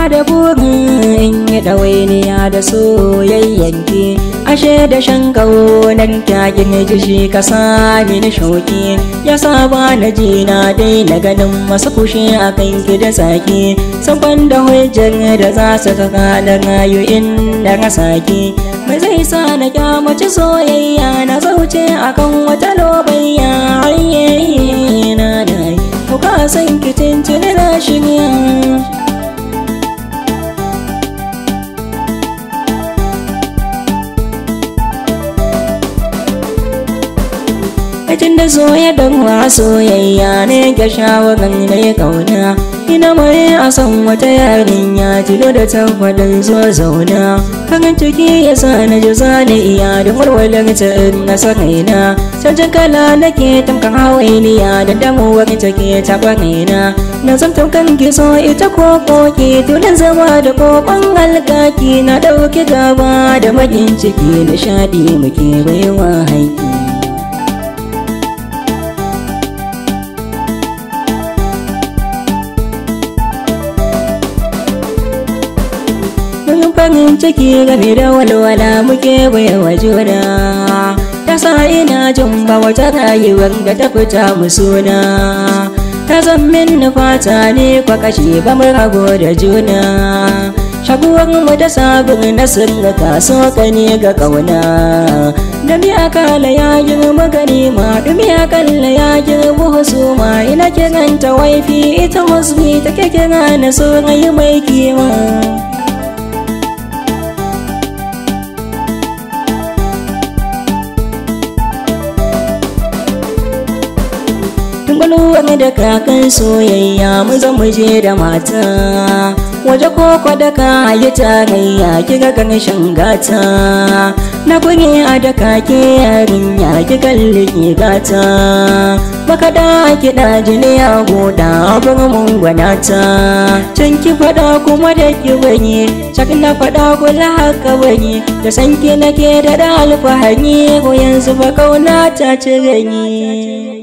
na da burin in yi ɗawainiya da soyayyanki ashe da shan ƙaunar ta na jishi ka sami ni shauki ya saba na ji na daina ganin masu kushe a kan ki da saki saban da hujjar da za su ka rayu in da rasa ki mai zai sa na kyamaci soyayya na zauce kan wata lobayya ayyayi na dai ku ka san ki na shirya lokacin da ya don soyayya ne ga shawagan mai kauna ina mai a son wata yarinya tilo da tabbatin zo zauna kan ciki ya sa na ji zane iya da walwalar ta in na sanaina canjin kala nake tamkan hawainiya da damuwar take ta kwanina na san tamkan gizo ita ko koki tunan zama da kokon alkaki na dauki gaba da magin ciki nishadi muke baiwa haiki farin ciki game da walwala muke baiwa juna ta sa ina jin ba wata rayuwar da ta fita mu suna ta zan min fata ne kwa kashe ba mu rago da juna shaguwar mu da sabon nasir da kaso ne ga kauna dumi akala ya girma gani ma dumi akalla ya girma husuma ina kiranta waifi ita musbi ta kira na surai mai kima bulwa da kakan soyayya mu zama je da mata waje koko da ka yi tarayya kiga ganshin gata na kuni a da kake yarinya ki kalli ki gata baka da kiɗa jini a goda abin mun gwanata can ki faɗa kuma da ki wani can na faɗa kula haka wani da sanki nake da da alfahari ko yanzu ba kauna ta ci